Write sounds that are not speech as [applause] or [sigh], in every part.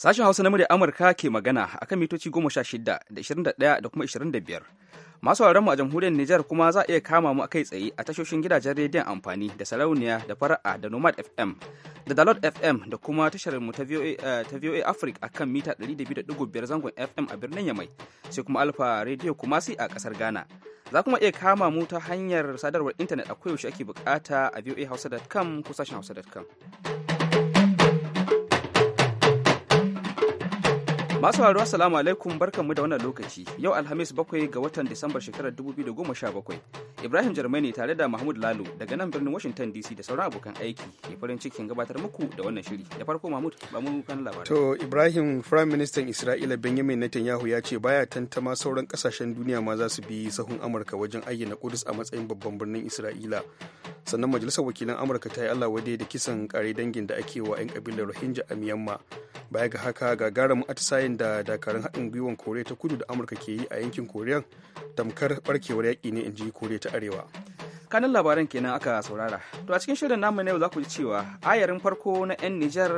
Sashen Hausa na murya Amurka ke magana a kan mitoci goma sha 16 da 21 da kuma biyar Masu mu a jamhuriyar Nijar kuma za a iya kama mu a kai tsaye a tashoshin gidajen rediyon amfani da sarauniya da fara'a da Nomad FM da Dalot FM da kuma tashar mu ta VOA eh, Africa akan mita 200.5 zangon FM a birnin Yamai sai kuma Alfa Radio Kumasi a kasar Ghana. Za kuma iya kama mu ta hanyar sadarwar intanet a koyaushe ake bukata a voahausa.com ko sashen hausa.com. Masu haruwa salamu alaikum barkanmu da wannan lokaci yau Alhamis bakwai ga watan Disambar shekarar 2017 Ibrahim Jarmani tare da Mahmud Lalo daga nan birnin Washington DC da sauran abokan aiki ke farin cikin gabatar muku da wannan shiri da farko Mahmud ba mu kan labarai. To Ibrahim Prime Minister Isra'ila Benjamin Netanyahu ya ce baya tantama sauran kasashen duniya ma za su bi sahun Amurka wajen ayyana Kudus a matsayin babban birnin Isra'ila sannan majalisar wakilan amurka ta yi allah wade da kisan kare dangin da ake wa 'yan kabilar rohingya a myanmar baya ga haka gagarumin atisayen da dakarun haɗin gwiwan koriya ta kudu da amurka ke yi a yankin koriya tamkar barkewar yaƙi ne in ji koriya ta arewa kanin labaran kenan aka saurara to a cikin shirin namu na yau za ku ji cewa ayarin farko na 'yan nijar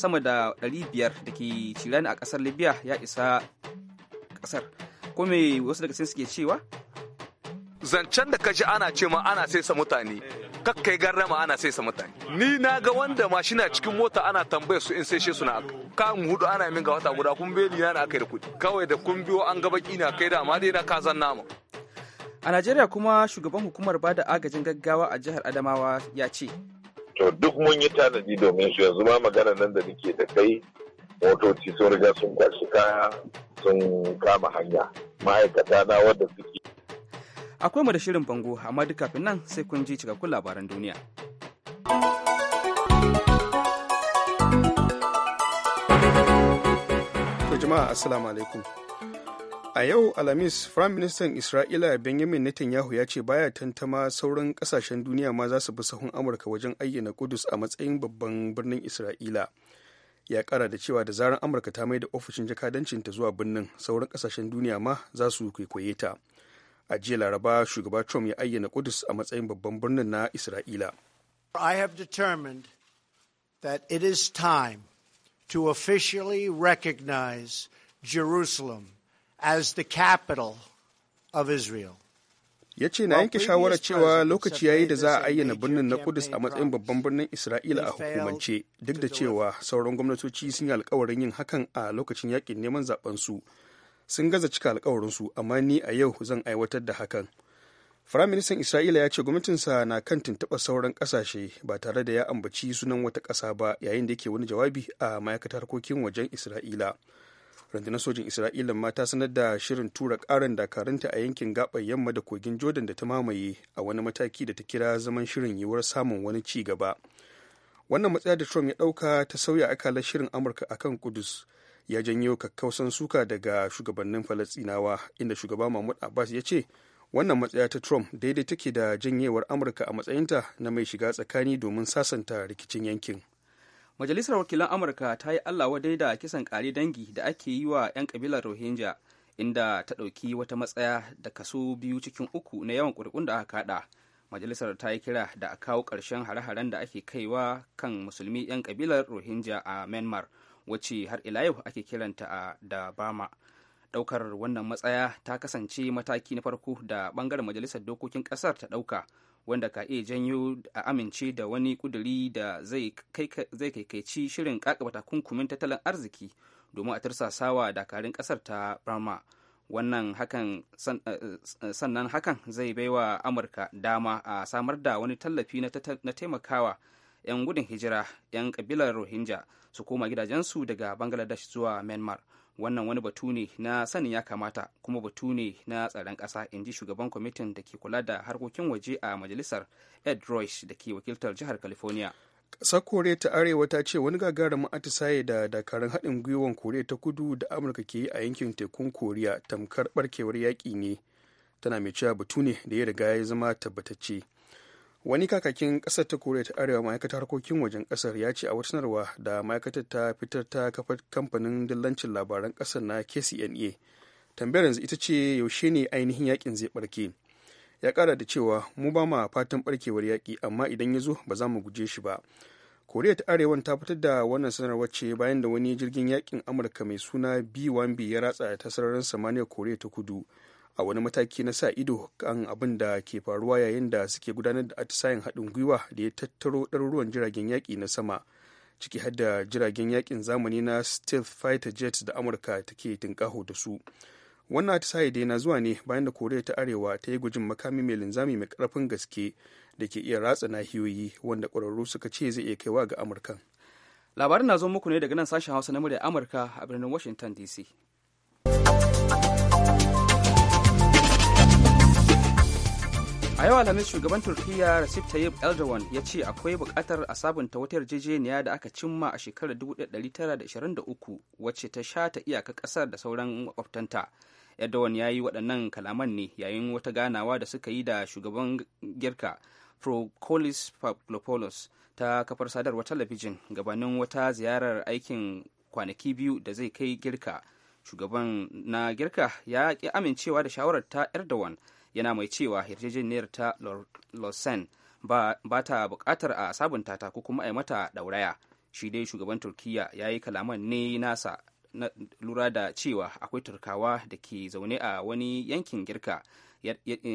sama da 500 da ke cirani a ƙasar libya ya isa kasar ko wasu daga cikin suke cewa zancen da ka ji ana ce ma ana sai sa mutane kakkai garrama ana sai sa mutane ni na ga wanda mashina cikin mota ana tambayar su in sai she suna aka mu hudu ana min ga wata guda kun beli na aka da kudi kawai da kun biyo an gaba kina kai da ma dai na kazan nama a najeriya kuma shugaban hukumar bada agajin gaggawa a jihar adamawa ya ce to duk mun yi tanadi domin su yanzu ma magana nan da nake da kai motoci sun riga sun kwashi kaya sun kama hanya ma'aikata na wadda suke akwai mu da shirin bango amma duk kafin nan sai kun ji cikakkun labaran duniya to jama'a assalamu alaikum a yau alhamis firayim ministan isra'ila benjamin netanyahu ya ce baya tantama sauran kasashen duniya ma za su bi sahun amurka wajen ayyana kudus a matsayin babban birnin isra'ila ya kara da cewa da zarar amurka ta mai da ofishin jakadancinta zuwa birnin sauran kasashen duniya ma za su kwaikwaye ta a jiya laraba shugaba trump ya ayyana kudus a matsayin babban birnin na isra'ila i have determined that it is time to officially recognize jerusalem as the capital of israel ya ce na yanke shawarar cewa lokaci yayi da za a ayyana birnin na kudus a matsayin babban birnin isra'ila a hukumance duk da cewa sauran gwamnatoci sun yi alkawarin yin hakan a lokacin yakin neman zaben su sun gaza cika alkawarinsu amma ni a yau zan aiwatar da hakan firaministan isra'ila ya ce gwamnatinsa na kan tuntuɓar sauran ƙasashe ba tare da ya ambaci sunan wata ƙasa ba yayin da yake wani jawabi a ma'aikatar harkokin wajen isra'ila rundunar sojin isra'ila ma ta sanar da shirin tura ƙarin dakarunta a yankin gaɓar yamma da kogin jordan da ta mamaye a wani mataki da ta kira zaman shirin yiwuwar samun wani ci gaba wannan matsaya da trump ya ɗauka ta sauya akalar shirin amurka akan kudus ya janyo kakkausan suka daga shugabannin falastinawa inda shugaba mahmud abbas ya ce wannan matsaya ta trump daidai take da janyewar amurka a matsayinta na mai shiga tsakani domin sasanta rikicin yankin majalisar wakilan amurka ta yi allah wadai da kisan kare dangi da ake yi wa 'yan kabilar rohingya inda ta ɗauki wata matsaya da kaso biyu cikin uku na yawan ƙuri'un da aka kaɗa majalisar ta yi kira da a kawo karshen hare-haren da ake kaiwa kan musulmi 'yan kabilar rohingya a myanmar wacce har ila yau ake kiranta da bama daukar wannan matsaya ta kasance mataki na farko da bangaren majalisar dokokin kasar ta dauka wanda ka iya janyo a amince da wani kuduri da zai kaikaici shirin kakaba takunkumin tattalin arziki domin a tursasawa dakarun kasar ta burma wannan hakan eh, eh, sannan hakan zai baiwa amurka dama a samar da wani tallafi na taimakawa 'yan gudun hijira 'yan kabilar rohingya su koma gidajensu daga bangladesh zuwa myanmar wannan wani batu ne na sanin ya kamata kuma batu ne na tsaron ƙasa in ji shugaban kwamitin da ke kula da harkokin waje a majalisar ed royce da ke wakiltar jihar california ƙasar koriya ta arewa ta ce wani gagarumin atisaye da dakarun haɗin gwiwar koriya ta kudu da amurka ke yi a yankin tekun koriya tamkar barkewar yaƙi ne tana mai cewa batu ne da ya riga ya zama tabbatacce wani kakakin kasar ta koriya ta arewa ma'aikatar harkokin wajen kasar ya ce a wata sanarwa da ma'aikatar ta fitar ta kafar kamfanin dillancin labaran kasar na kcna tambayar yanzu ita ce yaushe ne ainihin yakin zai barke ya kara da cewa mu ba ma fatan barkewar yaki amma idan ya zo ba za mu guje shi ba koriya ta arewan ta fitar da wannan sanarwar ce bayan da wani jirgin yakin amurka mai suna b1b ya ratsa ta sararin samaniyar koriya ta kudu a wani mataki na sa ido kan abin da ke faruwa yayin da suke gudanar da atisayen haɗin gwiwa da ya tattaro ɗaruruwan jiragen yaƙi na sama ciki har da jiragen yaƙin zamani na stealth fighter jets da amurka take tinkaho da su wannan atisaye dai na zuwa ne bayan da koriya ta arewa ta yi gujin makami mai linzami mai karfin gaske da ke iya ratsa nahiyoyi wanda ƙwararru suka ce zai iya kaiwa ga amurkan labarin na zo muku ne daga nan sashen hausa na murya amurka a birnin washington dc a yau alhamis shugaban turkiyya recep tayyip erdogan ya ce akwai bukatar a sabunta wata yarjejeniya da aka cimma a shekarar 1923 wacce ta sha ta iyaka ƙasar da sauran makwabtanta erdogan ya yi waɗannan kalaman ne yayin wata ganawa da suka yi da shugaban girka procolis papulopoulos ta kafar sadarwa talabijin gabanin wata ziyarar aikin kwanaki biyu da zai kai girka shugaban na girka ya ki amincewa da shawarar ta erdogan yana mai cewa yarjejeniyar ta lausanne ba ta bukatar a sabunta ta ko kuma a mata dauraya shi dai shugaban turkiya ya yi kalaman ne nasa na lura da cewa akwai turkawa da ke zaune a wani yankin girka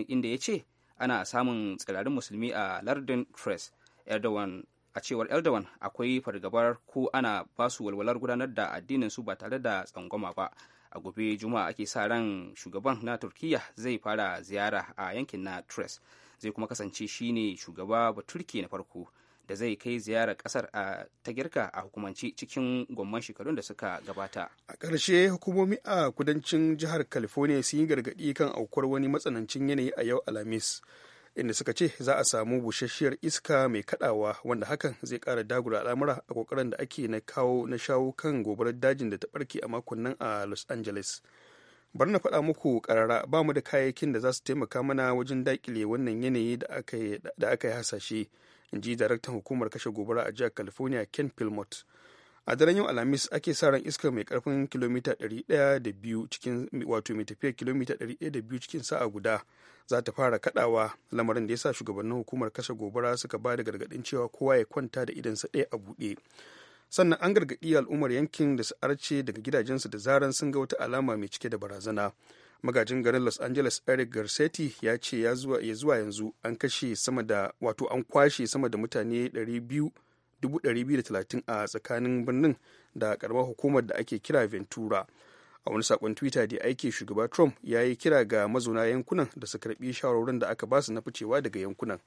inda ya ce ana samun tsirarin musulmi a lardin tres erdogan a cewar erdogan akwai fargabar ko ana basu walwalar gudanar da addinin su ba tare da tsangwama ba a gobe juma'a ake sa ran shugaban na turkiya zai fara ziyara a yankin na tres zai kuma kasance shine shugaba ba baturki na farko da zai kai ziyarar kasar a ta girka a hukumance cikin gwamman shekarun da suka gabata a ƙarshe hukumomi a kudancin jihar california sun yi gargaɗi kan aukuwar wani matsanancin yanayi a yau alhamis inda suka ce za a samu busasshiyar iska mai kadawa wanda hakan zai kara dagura al'amura a kokarin da ake na kawo na shawo kan gobarar dajin da ta barke a makon nan a los angeles bar na faɗa muku karara ba mu da kayayyakin da za su taimaka mana wajen dakile wannan yanayi da aka yi hasashe in ji daraktan hukumar kashe gobara a jihar california ken pilmot a daren yau alhamis ake sa ran iska mai karfin kilomita 102 cikin wato mai tafiyar kilomita 102 cikin sa'a guda za ta fara kadawa lamarin da ya sa shugabannin hukumar kashe gobara suka ba da gargaɗin cewa kowa ya kwanta da idansa ɗaya a buɗe sannan an gargaɗi al'ummar yankin da su arce daga gidajensu da zaran sun ga wata alama mai cike da barazana magajin garin los angeles eric garcetti ya ce ya zuwa yanzu an kashe sama da wato an kwashe sama da mutane 230 a tsakanin birnin da karamar hukumar da ake kira ventura a wani sakon twitter da aiki shugaba trump ya yi kira ga mazauna yankunan da su karbi shawarorin da aka basu na ficewa daga yankunan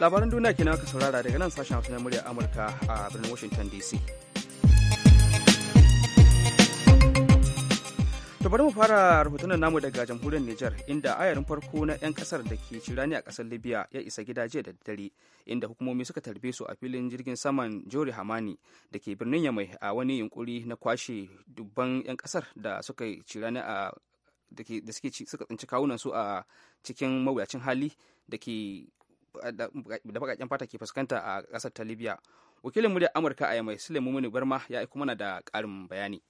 labaran duniya kenan aka saurara daga nan sashen hausa na murya amurka a birnin washington dc To bari mu fara rahoton namu daga jamhuriyar Nijar inda ayarin farko na 'yan kasar da ke cirani a kasar Libya ya isa gida jiya da dare inda hukumomi suka tarbe su a filin jirgin saman Jori Hamani da ke birnin Yamai a wani yunkuri na kwashe dubban 'yan kasar da suka cirani a da suke suka tsinci kawunan su a cikin mawuyacin hali da ke da bakakken fata ke fuskanta a kasar ta Libya. Wakilin murya Amurka a Yamai Sulaimu Barma ya aiko mana da ƙarin bayani.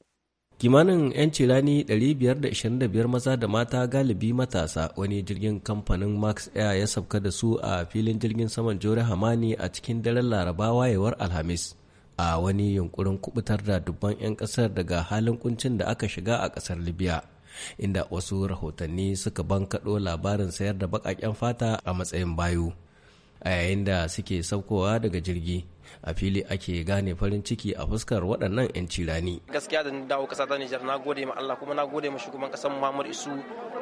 kimanin 'yan cirani 525 maza da mata galibi matasa wani jirgin kamfanin max air ya sabka da su a filin jirgin saman jore hamani a cikin daren laraba wayewar alhamis a wani yunkurin kubutar da dubban 'yan kasar daga halin kuncin da aka shiga a kasar libya inda wasu rahotanni suka bankaɗo labarin sayar da baƙaƙen fata a matsayin bayu a yayin da suke saukowa daga jirgi a fili ake gane farin ciki a fuskar waɗannan 'yan cirani. Gaskiya da dawo kasa ta Nijar na gode ma Allah kuma na gode ma shugaban kasan mamur Isu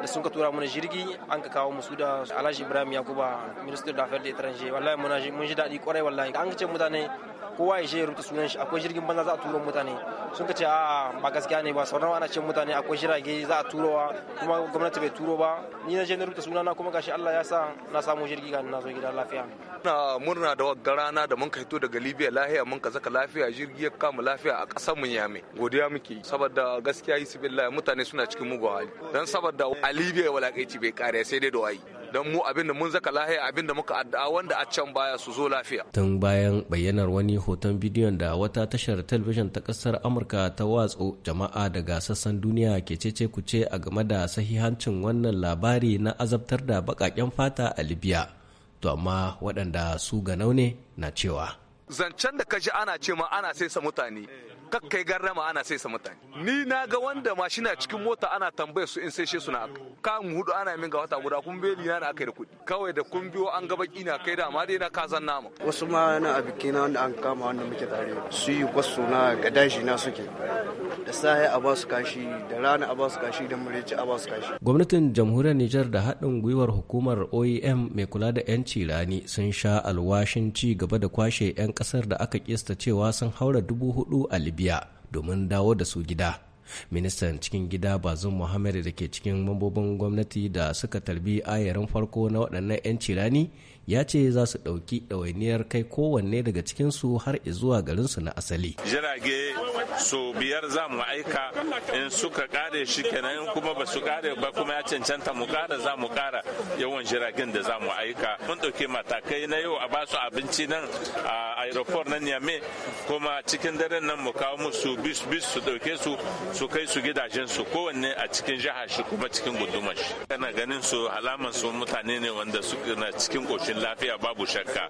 da sun ka tura mana jirgi an ka kawo musu da Alhaji Ibrahim Yakuba ministan da Afirka da Wallahi mun ji daɗi kwarai wallahi. An ka ce mutane kowa ya je rubuta sunan shi akwai jirgin banza za a turo mutane sun ce a ba gaskiya ne ba sauran ana ce mutane akwai jirage za a turowa kuma gwamnati bai turo ba ni na je na rubuta sunana kuma gashi Allah ya sa na samu jirgi ga na zo gida lafiya na murna da wagga rana da mun ka hito daga Libya lafiya mun ka zaka lafiya jirgi ya kama lafiya a kasar mu Yame godiya muke saboda gaskiya yi billahi mutane suna cikin mugun hali dan saboda a Libya walakaici bai kare sai dai da wayi don mu abinda mun zaka lahiya abinda muka addu'a wanda a can baya su zo lafiya tun bayan bayyanar wani hoton bidiyon da wata tashar talabijin ta kasar amurka ta watsu jama'a daga sassan duniya ke cece kuce a game da sahihancin wannan labari na azabtar da baƙaƙen fata a libya to amma waɗanda su ganau ne na cewa zancen da ka ji ana ce ma ana sai sa mutane kakkai garrama ana sai sa mutane ni na ga wanda mashina cikin mota ana tambayar su in sai she suna kan hudu ana min ga wata guda kun beli na yi da kuɗi kawai da kun biyo an gaba kina kai da ma dai na kazan nama wasu ma na abiki na wanda an kama wanda muke tare su yi kwasu na gadashi na suke da sahi a su kashi da rana a su kashi da mureci a su kashi gwamnatin jamhuriyar Nijar da haɗin gwiwar hukumar OEM mai kula da 'yanci rani sun sha alwashin ci gaba da kwashe 'yan ƙasar da aka kista cewa sun haura dubu hudu a libya domin dawo da su gida ministan cikin gida bazum muhammad da ke cikin mambobin gwamnati da suka tarbi ayarin farko na waɗannan 'yan cirani ya ce za su ɗauki ɗawainiyar kai kowanne daga cikinsu har zuwa garinsu na asali. Jirage su biyar za mu aika in suka kare shi kenan kuma ba su kare ba kuma ya cancanta mu kara za mu kara yawan jiragen da za mu aika. Mun ɗauki matakai na yau a basu abinci nan a aeroport na Niame kuma cikin daren nan mu kawo musu bis bis su ɗauke su su kai su gidajen su kowanne a cikin jihar shi kuma cikin gudumar shi. Kana ganin su alaman su mutane ne wanda suke na cikin ƙoshin rashin lafiya babu shakka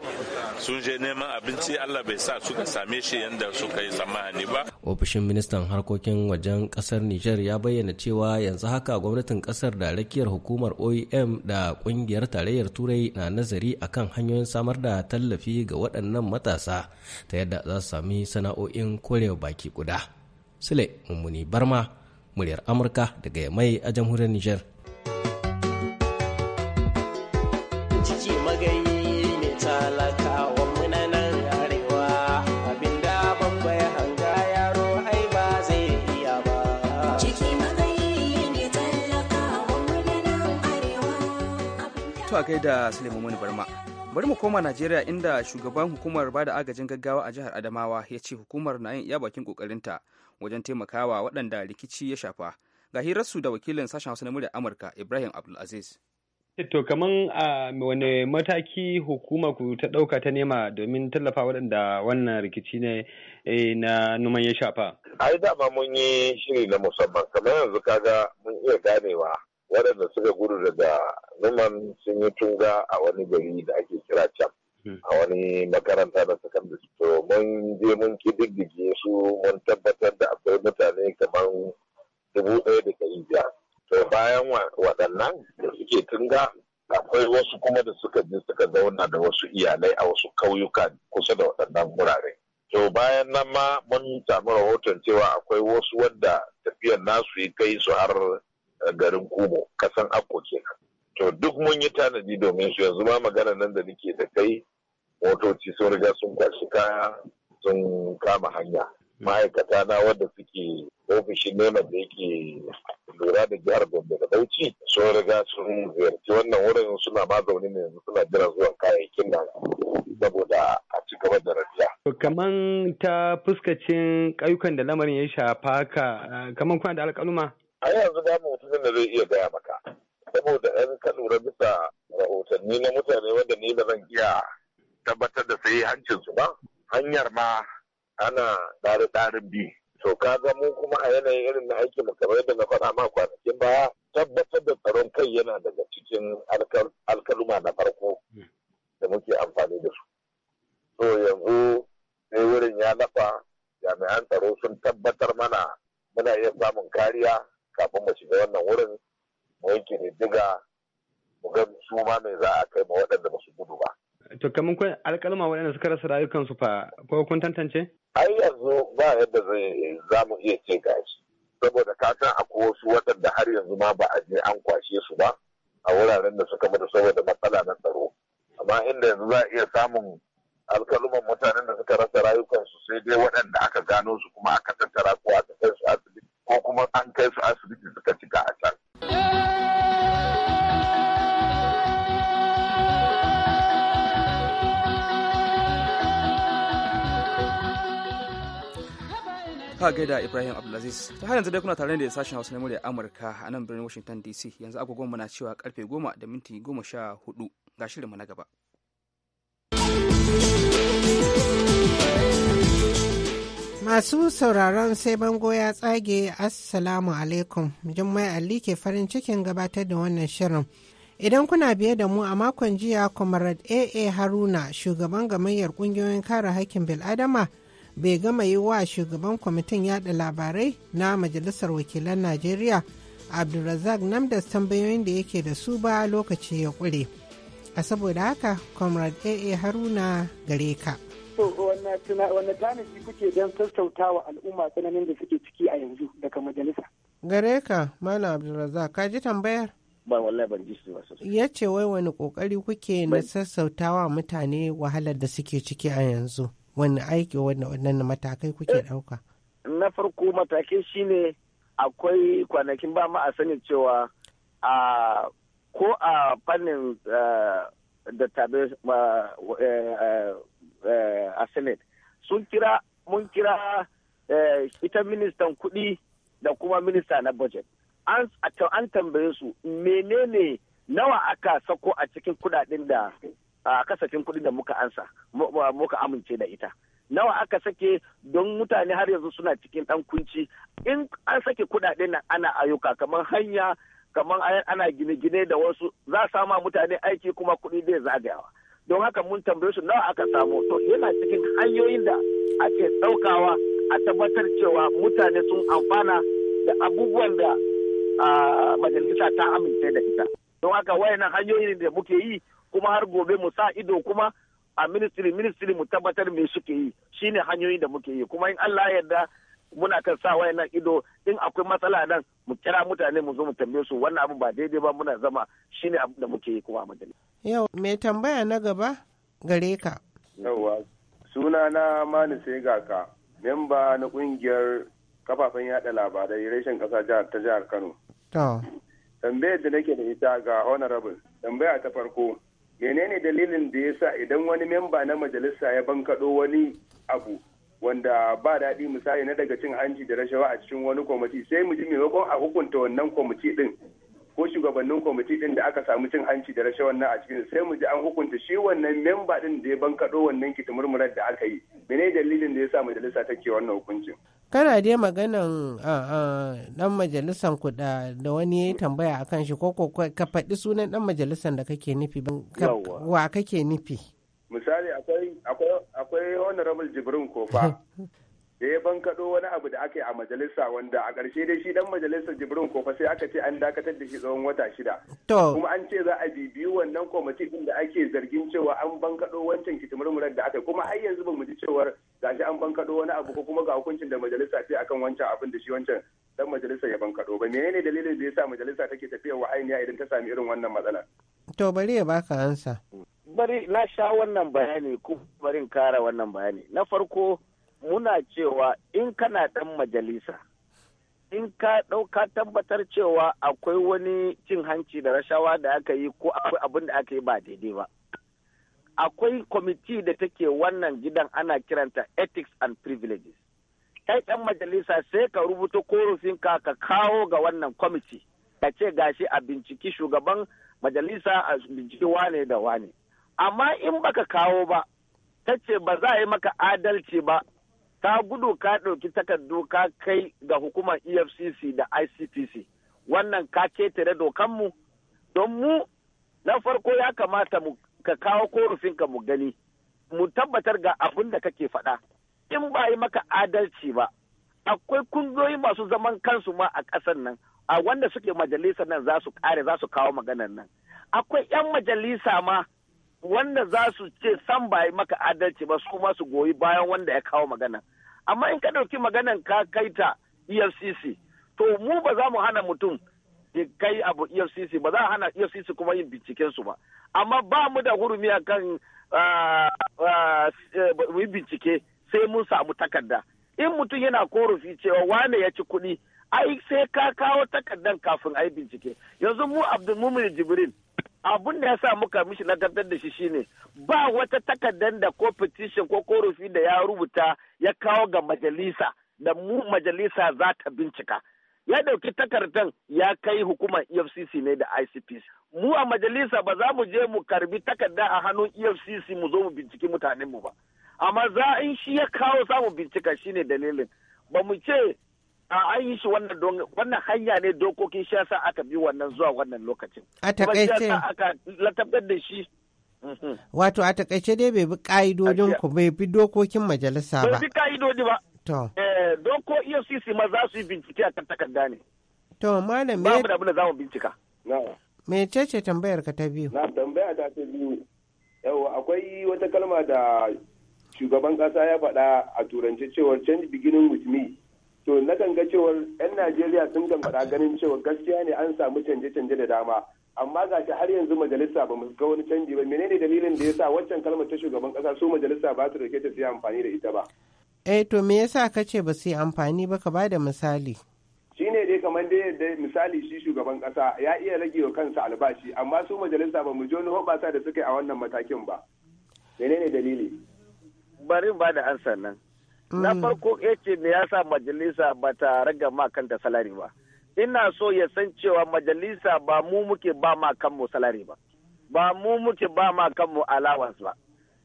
sun je neman abinci allah bai sa suka same shi yadda suka yi tsammani ba ofishin ministan harkokin wajen kasar niger ya bayyana cewa yanzu haka gwamnatin kasar da rakiyar hukumar oem da kungiyar tarayyar turai na nazari akan hanyoyin samar da tallafi ga waɗannan matasa ta yadda za su sami sana'o'in korewa baki guda sule mummuni barma muryar amurka daga mai a jamhuriyar niger da Suleiman Barma. Bari mu koma Najeriya inda shugaban hukumar bada agajin gaggawa a jihar Adamawa ya ce hukumar na yin iya bakin kokarinta wajen taimakawa waɗanda rikici ya shafa. Ga hirarsu da wakilin sashen Hausa na murya Amurka Ibrahim Abdulaziz. To kaman a wani mataki hukuma ku ta ɗauka ta nema domin tallafa waɗanda wannan rikici ne eh, na numan ya shafa? Ai da mun yi shiri na musamman kamar yanzu kaga mun iya ganewa waɗanda suka gudu daga numan sun yi tunga a wani gari da ake kira can hmm. a wani makaranta na sakandare to mun je mun kididdige su mun tabbatar da akwai mutane kamar dubu ɗaya da ɗari biyar to bayan waɗannan da suke tunga akwai wasu kuma da suka je suka zauna da wasu iyalai a wasu kauyuka kusa da waɗannan wurare to bayan nan ma mun samu rahoton cewa akwai wasu wadda tafiyar nasu ya kai su har garin kumo kasan akko ke to duk mun yi tanadi domin su yanzu ma magana nan da nake da kai motoci sun riga sun kwashi kaya sun kama hanya ma'aikata na wadda suke ofishin nema da yake lura da jihar Gombe da Bauchi sun riga sun ziyarci wannan wurin suna ma zaune ne yanzu suna jira zuwa kayayyakin nan saboda a ci gaba da Kaman ta fuskacin ƙauyukan da lamarin ya shafa ka kaman kuna da alƙaluma? a yanzu babu mutumin da zai iya gaya maka saboda yan ka lura bisa rahotanni na mutane wanda ni ba zan iya tabbatar da sai hancin su ba hanyar ma ana tsari tsarin bi to ka ga mu kuma a yanayin irin na aiki mu kamar yadda na faɗa ma kwanakin baya tabbatar da tsaron kai yana daga cikin alkaluma na farko da muke amfani da su to yanzu sai wurin ya lafa jami'an tsaro sun tabbatar mana muna iya samun kariya kafin mu shiga wannan wurin mu yi kididdiga mu ga su ma me za a kai ma waɗanda ba su gudu ba. To kamar kun alƙalma waɗanda suka rasa rayukansu fa ko kun tantance? Ai yanzu ba yadda zai za mu iya ce gashi. Saboda ka san akwai wasu waɗanda har yanzu ma ba a je an kwashe su ba a wuraren da suka mutu saboda matsala na tsaro. Amma inda yanzu za a iya samun alkaluman mutanen da suka rasa rayukansu sai dai waɗanda aka gano su kuma aka tattara ko aka kai su asibiti. ko kuma an kai su asibiti suka cika a can. ka gaida ibrahim abdulaziz ta har yanzu dai kuna tare da sashen hausa na murya amurka a nan birnin washington dc yanzu agogon na cewa karfe goma da minti goma sha hudu ga shirinmu na gaba Masu sauraron sai bango ya tsage Assalamu alaikum, Jummai Ali ke farin cikin gabatar da wannan shirin. Idan kuna biye da mu a makon jiya, Comrade AA Haruna, shugaban gamayyar kungiyoyin kare haƙƙin bil'adama, bai gama yi wa shugaban kwamitin yada labarai na Majalisar Wakilan Najeriya, Abdulrazak Namdas tambayoyin da yake da su ba lokaci ya ƙure. A saboda haka, Comrade AA Haruna gare ka. to wanne tanaji kuke don sassautawa al'umma tsananin da suke ciki a yanzu daga majalisa gare ka malam abdulrazak ka ji tambayar ba wallahi ban ji su ba ya ce wai wani kokari kuke na sassautawa mutane wahalar da suke ciki a yanzu wani aiki wannan matakai kuke dauka eh, na farko matakai shine akwai kwanakin ba ma a sani cewa a ko a fannin eh, da tabe Eh, a senate sun kira mun kira eh, ita ministan kuɗi da kuma minista na budget an tambaye su menene nawa aka sako a cikin kudaden da a kasafin kuɗi da muka ansa muka amince da ita nawa aka sake don mutane har yanzu suna cikin ɗan kunci in an sake kudaden nan ana ayyuka kamar hanya kamar ana gine-gine da wasu za a sama mutane aiki kuma kuɗi zai zagayawa don haka mun tambaye su nawa aka samu to yana cikin hanyoyin da ake daukawa a tabbatar cewa mutane sun amfana da abubuwan da majalisa ta amince da ita don haka wayannan hanyoyin da muke yi kuma har gobe mu sa ido kuma a ministry ministry mu tabbatar me suke yi shine hanyoyin da muke yi kuma in Allah ya yarda muna kan sa wayannan ido in akwai matsala nan mu kira mutane mu zo mu tambaye su wannan abu ba daidai ba muna zama shine abu da muke yi kuma a majalisa. Yau mai tambaya na gaba gare ka. suna na Mani Segaka memba na kungiyar kafafen yada labarai reshen kasa ta jihar Kano. Tambayar da nake da ita ga honorable tambaya ta farko menene dalilin da ya sa idan wani memba na majalisa ya bankaɗo wani abu wanda ba daɗi misali na daga cin hanci da rashawa a cikin wani kwamiti sai mu ji maimakon a hukunta wannan kwamiti ɗin ko shugabannin kwamiti ɗin da aka samu cin hanci da rashawa nan a cikin sai mu ji an hukunta shi wannan memba din da ya bankaɗo wannan kitimurmurar da aka yi mene dalilin da ya sa majalisa take wannan hukuncin kana dai maganan dan majalisan ku da wani ya yi tambaya a kan shi ko ka faɗi sunan dan majalisan da kake nufi wa kake nufi misali akwai akwai akwai honorable jibrin kofa [laughs] da ya bankaɗo wani abu da aka yi a majalisa wanda a ƙarshe dai shi dan majalisar jibrin kofa sai aka ce an dakatar da shi tsawon wata shida kuma an ce za a bibiyu wannan kwamiti din da ake zargin cewa an bankaɗo wancan kitimurmurar da aka kuma har yanzu ba mu ji cewar gashi an bankaɗo wani abu ko kuma ga hukuncin da majalisa ce akan wancan abin da shi wancan dan majalisa ya bankaɗo ba menene dalilin da yasa majalisa take tafiya wa ainiya idan ta sami irin wannan matsalar to bari ya baka ansa hmm. bari na sha wannan bayani kuma barin kara wannan bayani na farko muna cewa in kana dan majalisa in ka ɗauka tabbatar cewa akwai wani cin hanci da rashawa da aka yi ko akwai abin da aka yi ba daidai ba akwai kwamiti da take wannan gidan ana kiranta ethics and privileges kai ɗan majalisa sai ka rubuta korafinka ka kawo ga wannan kwamiti ka ce gashi a binciki shugaban majalisa a binciki wane da wane amma in baka kawo ba ta ce ba za a yi maka adalci ba ta gudu ka ɗauki takardu ka kai ga hukumar efcc da ictc wannan ka ketare dokanmu don mu na farko ya kamata mu ka kawo korufinka mu gani mu tabbatar ga abin da kake faɗa in ba yi maka adalci ba akwai kungiyoyi masu zaman kansu ma a ƙasar nan a wanda suke majalisa nan za su ƙare za su kawo maganar nan akwai 'yan majalisa ma wanda za su ce san ba yi maka adalci ba su kuma su goyi bayan wanda ya kawo magana amma in ka ɗauki maganan ka kai ta efcc to mu ba za mu hana mutum ya kai abu efcc ba za a hana efcc kuma yin binciken su ba amma ba mu da hurumi a kan yi bincike sai mun samu takarda in mutum yana korafi cewa wane ya ci kuɗi ai sai ka kawo takardan kafin a yi bincike yanzu mu abdulmumin jibril abun da ya sa muka mishi nagartar da shi shine ba wata takardar da ko petition ko korafi da ya rubuta ya kawo ga majalisa da mu majalisa za ta bincika ya dauki takardar ya kai hukumar efcc ne da icpc mu a majalisa ba za mu je mu karbi takarda a hannun efcc mu zo mu binciki mu ba amma za in shi ya kawo samun bincika shine dalilin ba mu ce a an yi shi wannan don wannan hanya ne dokokin shi yasa aka bi wannan zuwa wannan lokacin a takaice aka latabtar da shi mhm. wato a takaice dai bai bi ka'idodin ku bai bi dokokin majalisa ba bai bi ka'idodi ba to eh doko EFCC ma za su yi bincike a kan takarda ne to malam me babu da za mu bincika me ce ce tambayar ka ta biyu na tambaya ta ta biyu yawa akwai wata kalma da shugaban kasa ya faɗa a turance cewar change beginning with me to na ga cewar 'yan najeriya sun gangara ganin cewa gaskiya ne an samu canje-canje da dama amma ga shi har yanzu majalisa ba mu ga wani canji ba menene dalilin da yasa waccan kalmar ta shugaban kasa su majalisa ba su rike ta su yi amfani da ita ba eh to me yasa ka ce ba su yi amfani ba ka bada misali shine dai kamar dai da misali shi shugaban kasa ya iya rage wa kansa albashi amma su majalisa ba mu ji wani hoɓasa da suka yi a wannan matakin ba menene dalili bari ba da ansa nan na mm. farko ya ce me sa majalisa ba ta raga ma kanta salari ba ina so ya san cewa majalisa ba mu muke ba ma kanmu salari ba ba mu muke ba ma kanmu alawas ba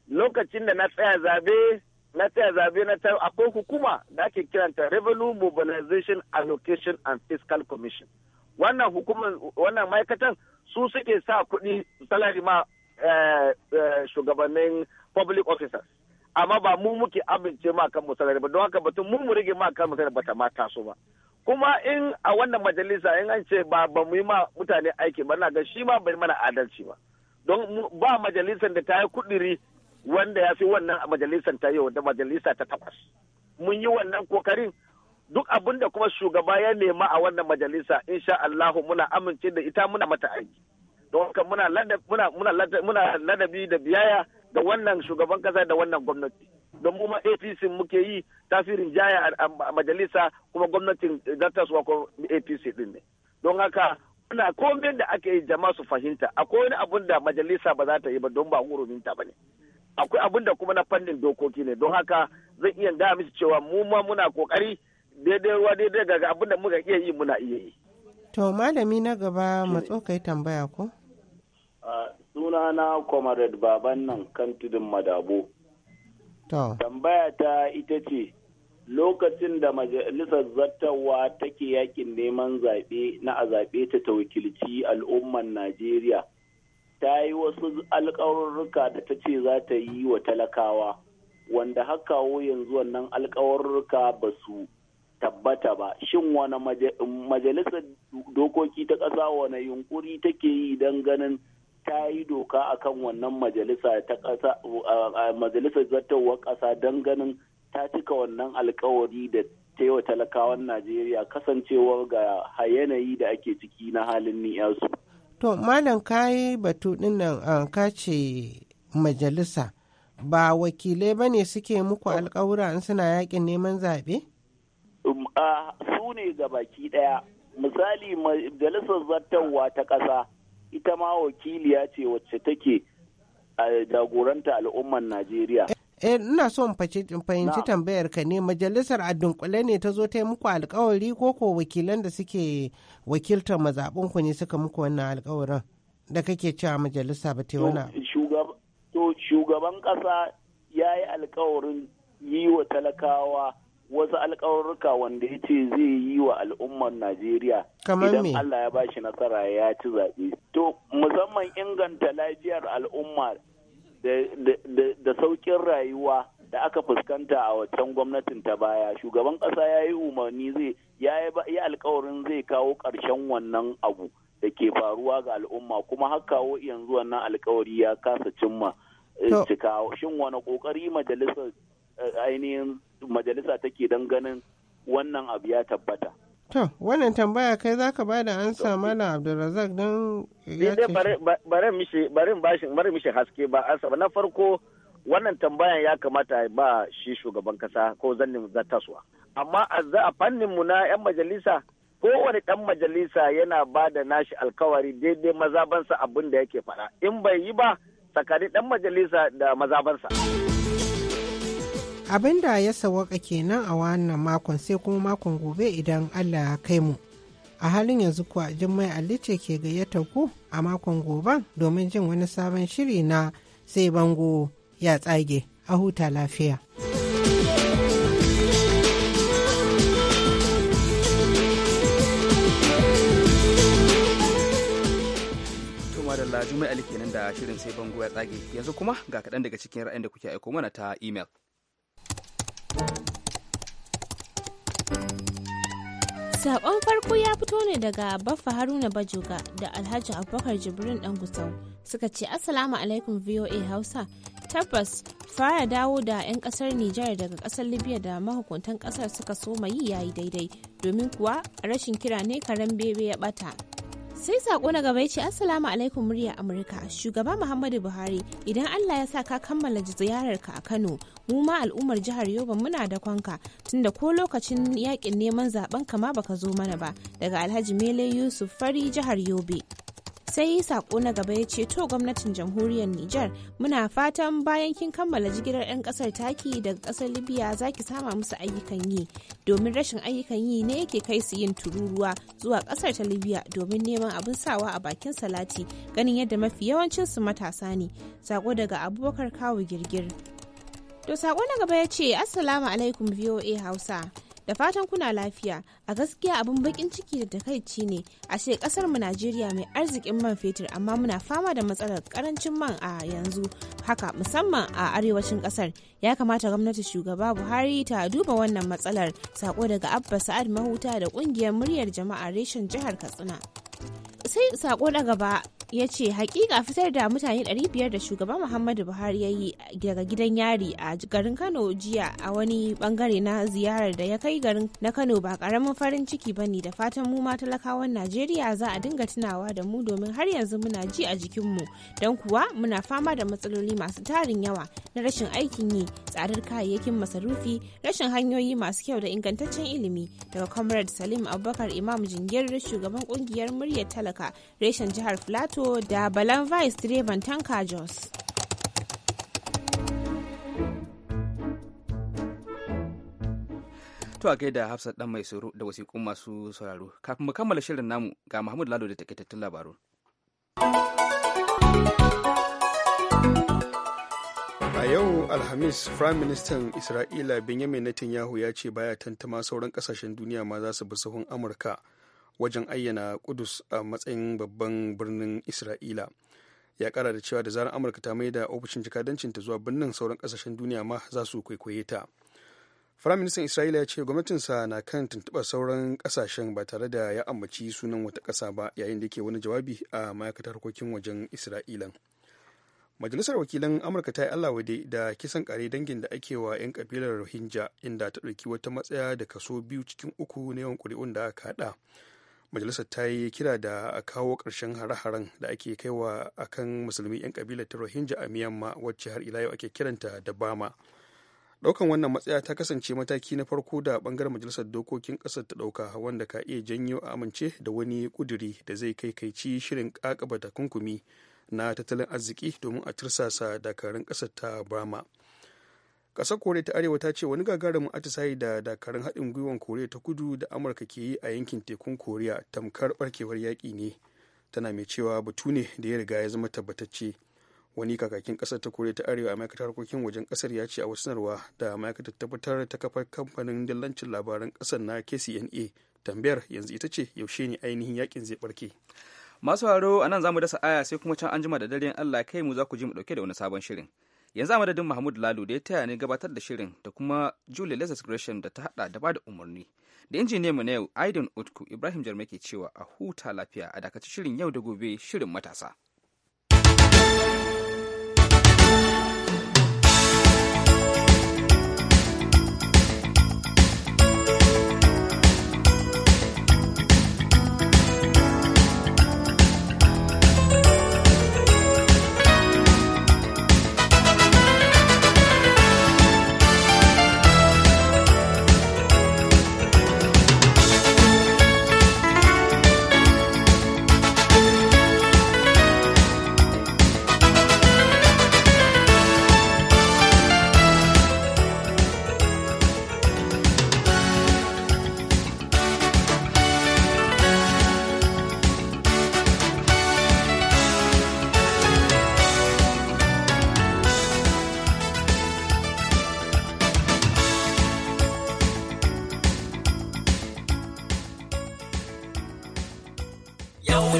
lokacin da na tsaya zabe na tsaya zabe na ta akwai hukuma da ake kiranta revenue mobilization allocation and fiscal commission wannan hukumar wannan ma'aikatan su suke sa kuɗi salari ma eh, eh, shugabannin public officers amma ba mu muke amince ma kan mu ba don haka batun mu mu rage ma kan mu ba bata ma taso ba kuma in a wannan majalisa in an ce ba ba mu yi ma mutane aiki ba na ga shi ma bai mana adalci ba don ba majalisar da ta yi kudiri wanda ya fi wannan a majalisar ta yau da majalisa ta takwas mun yi wannan kokarin duk abin da kuma shugaba ya nema a wannan majalisa insha Allah muna amince da ita muna mata aiki don haka muna ladabi da biyaya da wannan shugaban kasa da wannan gwamnati don mu apc muke yi tasirin jaya a majalisa kuma gwamnatin eh, zartaswa ko apc din ne don haka na komai da ake yi jama'a su fahimta akwai wani abun da majalisa ba za ta yi ba don ba huruminta ba ne akwai abun da kuma na fannin dokoki ne don haka zan iya gaya musu cewa mu ma muna kokari daidai ruwa daidai ga abun da muka iya yi muna iya yi to malami na gaba matso kai tambaya ko ah, sunana comrade baban nan kan tudun madabo tambaya ta ita ce lokacin da majalisar zartarwa take yakin neman zaɓe na a zaɓe ta ta wakilci al'umman najeriya ta yi wasu alkawarruka da ta ce za ta yi wa talakawa wanda wo yanzu wannan alkawarruka ba su tabbata ba shin wani majalisar dokoki ta ƙasa wani yunkuri take yi don ganin ta yi doka a kan wannan majalisa ƙasa majalisar zartarwar ƙasa don ganin ta cika wannan alkawari da taiwa talakawan Najeriya kasancewar ga yanayi da ake ciki na halin niyarsu. To, malam ka yi batu dinnan an kace majalisa ba wakilai ba ne suke muku alkawura in suna yakin neman zaɓe? Um, su ne ga baki ɗaya. Misali majalisar zartarwa ta ƙasa ita ma wakiliya ce wacce take jagoranta al'ummar najeriya eh ina so in fahimci tambayar ka ne majalisar a dunkule ne ta zo ta yi muku alkawari ko ko wakilan da suke wakiltar mazaɓin ku ne suka muku wannan alkawarin da kake cewa majalisa ba ta wani to shugaban ƙasa ya yi alkawarin yi wa talakawa wasu alkawarruka wanda ya ce zai yi wa al'ummar Najeriya idan Allah ya bashi nasara ya ci zaɓe. To musamman inganta lafiyar al'umma da sauƙin rayuwa da aka fuskanta a waccan gwamnatin ta baya shugaban ƙasa ya yi umarni zai yi alkawarin zai kawo ƙarshen wannan abu da ke faruwa ga al'umma kuma har kawo yanzu wannan alkawari ya kasa cimma eh, shin wani ƙoƙari majalisar Eh, ainihin majalisa take don ganin wannan abu ya tabbata. To, wannan tambaya kai za ka bada an sama na Abdulrazak don ya ce... Barin mishi haske ba an sama. Na farko wannan tambayan ya kamata ba shi shugaban kasa ko zannin zattaswa. Amma a fanninmu na 'yan majalisa kowane ɗan majalisa yana ba da nashi alkawari daidai mazabansa abin da yake faɗa. In bai yi ba tsakanin ɗan majalisa da mazabansa. abin da ya sawaka kenan a wannan makon sai kuma makon gobe idan allah ya kai mu a halin yanzu kuwa jimmai alice ke gayyata ku a makon goban domin jin wani sabon shiri na sai bango ya tsage a huta lafiya. jumai ali kenan da shirin sai bango ya tsage yanzu kuma ga kaɗan daga cikin ra'ayin da kuke aiko mana ta imel. saƙon farko ya fito ne daga Baffa Haruna Bajoga da Alhaji Abubakar Jibrin dan Gusau suka ce Assalamu alaikum VOA Hausa. Tabbas fara dawo da 'yan kasar Nijar daga kasar Libya da mahukuntan kasar suka soma yi yayi daidai domin kuwa rashin kira ne karen bebe ya bata sai sako na gaba ce assalamu alaikum murya amurka shugaba muhammadu buhari idan allah ya sa ka kammala ziyararka a kano mu ma al'ummar jihar yobe muna da kwanka tunda ko lokacin yakin neman zaben kama baka zo mana ba daga alhaji mele yusuf fari jihar yobe sai yi sako na gaba ya ce to gwamnatin jamhuriyar Nijar muna fatan bayan kin kammala jigilar 'yan kasar taki daga kasar Libya za ki sama musu ayyukan yi domin rashin ayyukan yi ne yake kai su yin tururuwa zuwa kasar ta Libya domin neman abin sawa a bakin salati ganin yadda mafi yawancin su matasa ne sako daga Abubakar Kawu Girgir to sako na gaba ya ce assalamu alaikum VOA Hausa da fatan kuna lafiya a gaskiya abin bakin ciki da takaici ne a ce kasar mu Najeriya mai arzikin man fetur amma muna fama da matsalar karancin man a yanzu haka musamman a arewacin kasar ya kamata gwamnati shugaba Buhari ta duba wannan matsalar sako daga Abba Sa'ad Mahuta da kungiyar muryar jama'a reshen jihar Katsina sai sako na ba. ya ce hakika fitar da mutane 500 da shugaban muhammadu buhari ya yi daga gidan yari a garin kano jiya a wani bangare na ziyarar da ya kai garin na kano ba karamin farin ciki ba ne da fatan mu ma talakawan najeriya za a dinga tunawa da mu domin har yanzu muna ji a jikinmu don kuwa muna fama da matsaloli masu tarin yawa na rashin aikin yi tsadar kayayyakin masarufi rashin hanyoyi masu kyau da ingantaccen ilimi daga comrade salim abubakar imam jingir shugaban kungiyar muryar talaka reshen jihar filato Plato da Balan Vice direban Tanka Jos. To a gaida hafsa dan mai tsoro da wasiƙun masu sauraro. Kafin mu kammala shirin namu ga Muhammad lado da takaitattun labaru. A yau Alhamis, Firayim ministan Isra'ila Benjamin Netanyahu ya ce baya tantama sauran kasashen duniya ma za su bi sahun Amurka wajen ayyana kudus a matsayin babban birnin isra'ila ya kara da cewa da zarar amurka ta mai da ofishin ta zuwa birnin sauran kasashen duniya ma za su kwaikwaye ta firaministan isra'ila ya ce gwamnatinsa na kan tuntuɓar sauran kasashen ba tare da ya ambaci sunan wata ƙasa ba yayin da ke wani jawabi a ma'aikatar harkokin wajen isra'ilan majalisar wakilan amurka ta yi allah wade da kisan kare dangin da ake wa 'yan kabilar rohingya inda ta ɗauki wata matsaya da kaso biyu cikin uku na yawan ƙuri'un da aka haɗa majalisar ta yi kira da a kawo ƙarshen hare-haren da ake kaiwa a kan musulmi 'yan kabilar ta rohingya a miyamma wacce har ila yau ake kiranta da bama ɗaukar wannan matsaya ta kasance mataki na farko da ɓangaren majalisar dokokin ƙasar ta ɗauka wanda ka iya janyo a amince da wani ƙuduri da zai kai kaici shirin ƙaƙaba takunkumi na tattalin arziki domin a tirsasa dakarun ƙasar ta bama. kasar koriya ta arewa ta ce wani gagarumin atisayi da dakarun haɗin gwiwan koriya ta kudu da amurka ke yi a yankin tekun koriya tamkar barkewar yaƙi ne tana mai cewa batu ne da ya riga ya zama tabbatacce wani kakakin ƙasar ta koriya ta arewa a ma'aikatar harkokin wajen ƙasar ya ce a wasu sanarwa da ma'aikatar tabbatar ta kafar kamfanin dillancin labaran ƙasar na kcna tambayar yanzu ita ce yaushe ne ainihin yakin zai barke masu haro a nan za mu dasa aya sai kuma can anjima da daren allah kai mu za ku ji mu dauke da wani sabon shirin yanzu a madadin mahmud lalu da ya taya ne gabatar da shirin da kuma julia lezis gresham da ta hada da bada umarni da injiniyan mu na yau aidan utku ibrahim jarmai ke cewa a huta lafiya a dakaci shirin yau da gobe shirin matasa